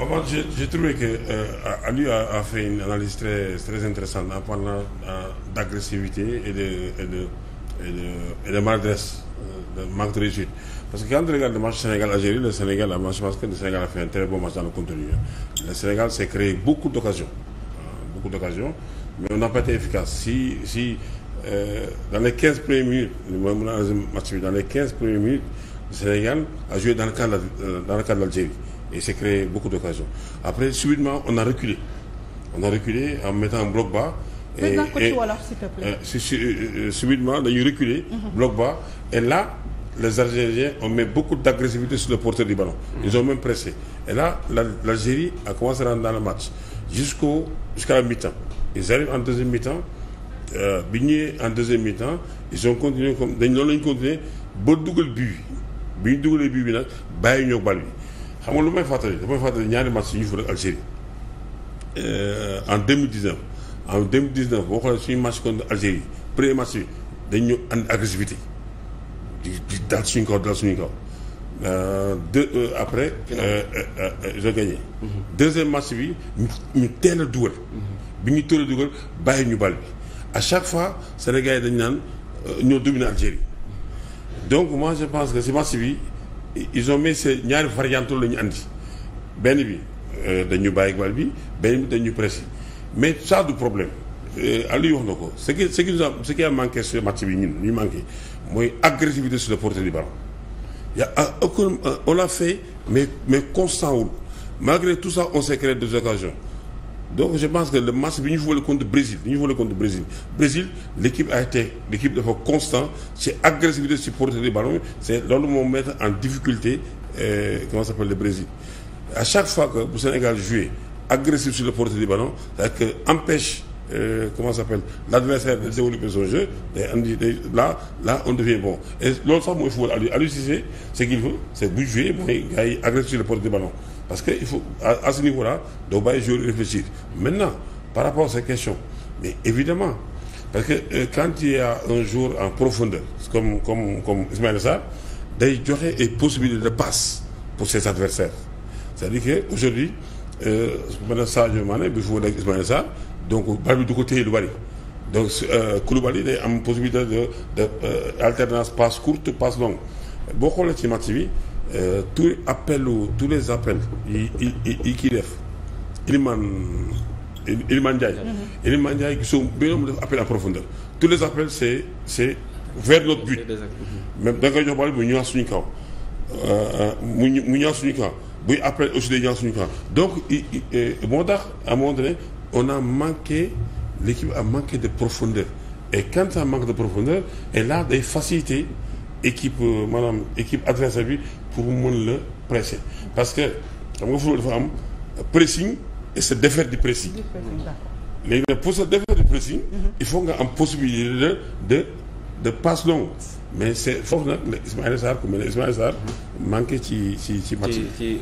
Omar, j'ai trouvé euh, a, a, fait une analyse très, très intéressante en parlant euh, d'agressivité et de, et de, et de, et maladresse, euh, de manque de réussite. Parce que quand on regarde le match Sénégal-Algérie, le Sénégal, je pense que le Sénégal a fait très bon match dans le contenu. Le Sénégal s'est créé beaucoup d'occasions, mais on n'a pas été efficace. Si, si euh, dans les 15 premières minutes, dans les 15 minutes, le Sénégal a joué dans le cadre, de l'Algérie. Et c'est créé beaucoup d'occasions. Après, subitement, on a reculé. On a reculé en mettant un bloc bas. Et, et, euh, euh, euh, subitement, on a eu reculé, mm -hmm. bloc bas. Et là, les Algériens ont mis beaucoup d'agressivité sur le porteur du ballon. Mhm. Ils ont même pressé. Et là, l'Algérie a commencé à dans le match jusqu'au la mi Ils arrivent en deuxième mi Bigné en deuxième mi Ils ont continué comme dañ loolu lañ continué ba dugal but bi bi ñu dugalee but nag bàyyi ñoo bal bi xam nga lu may fàttali damay fàttali ñaari match ñu fële Algérie euh, en 2019 en 2019 boo xoolee suñu match contre Algérie premier match bi dañ ñu ànd agressivité di di dal suñu kaw dal suñu kaw euh, deux euh, après. ils mm-hmm. deuxième match bi ñu ñu teel a dugal. Mm-hmm. bi ñu teel a bàyyi ñu bal bi à chaque fois Sénégal yi dañ naan ñoo dominer Algérie donc moi je pense que si match bi. ils ont mis ces ñaari variante la ñu andi benn bi euh, dañu bàyyi bal bi benn bi dañu pressé mais ça du problème euh, Aliou wax na ko ce qui ce qui nous a match bi ñun ñu manqué mooy agressivité sur le porté du ballon y' a aucun on l'a fait mais mais constant wul malgré tout sax on s'est de des donc je pense que le match bi ñu footballé contre Brésil bi ñu footballé contre Brésil Brésil l'équipe a été l'équipe dafa constant ci agressivité ci portée du ballon c'est loolu moo mettre en difficulté euh, comment ça s'appelle le Brésil à chaque fois que bu Sénégal joué agressif sur le portée du ballon c'est-à-dire que empêche euh, comment ça s'appelle l'adversaire de développer son jeu day andi day là là on devient bon et loolu sax mooy football Aliou Aliou Cissé ce qu'il le portée du parce que il faut à, à ce niveau-là doo bàyyi joueur réfléchir maintenant par rapport à ces questions mais évidemment parce que euh, quand il a un jour en profondeur comme comme comme Ismaïla Sarr day joxe ay possibilités de passe pour ses adversaires c'est-à-dire que aujourd'hui euh, maanaam Sadio Mané bi fu nekk Ismaïla Sarr donc bal bi du ko lu bari donc euh, Koulibaly day am possibilité de de euh, alternance passe courte passe longue boo xoolee ci match bi tout euh, appel tous les appels yi yi yi kii def Iliman Iliman Ndiaye Iliman mhm. Ndiaye gisoo bi mu def appel en profondeur tous les appels c'est c'est vers notre but même da nga jox bal mu ñëwaat suñu kaw euh, euh, mu mu ñëwaat suñu kaw buy appel aussi day ñëwaat suñu kaw donc e, moo tax à un moment donné on a manqué l'équipe a manqué de profondeur et quand ça manque de profondeur et la day facilité équipe maanaam équipe adversaire bi pour mu mën la presser parce que xam nga football dafa am pressing et se défaire du pressing. léegi nag pour se défaire du pressing. Mhm. il faut nga am possibilité de de de passe donc mais c'est foofu nag Ismaïla Sarr ku mel ne Ismaïla Sarr mhm. manqué ci ci ci match ci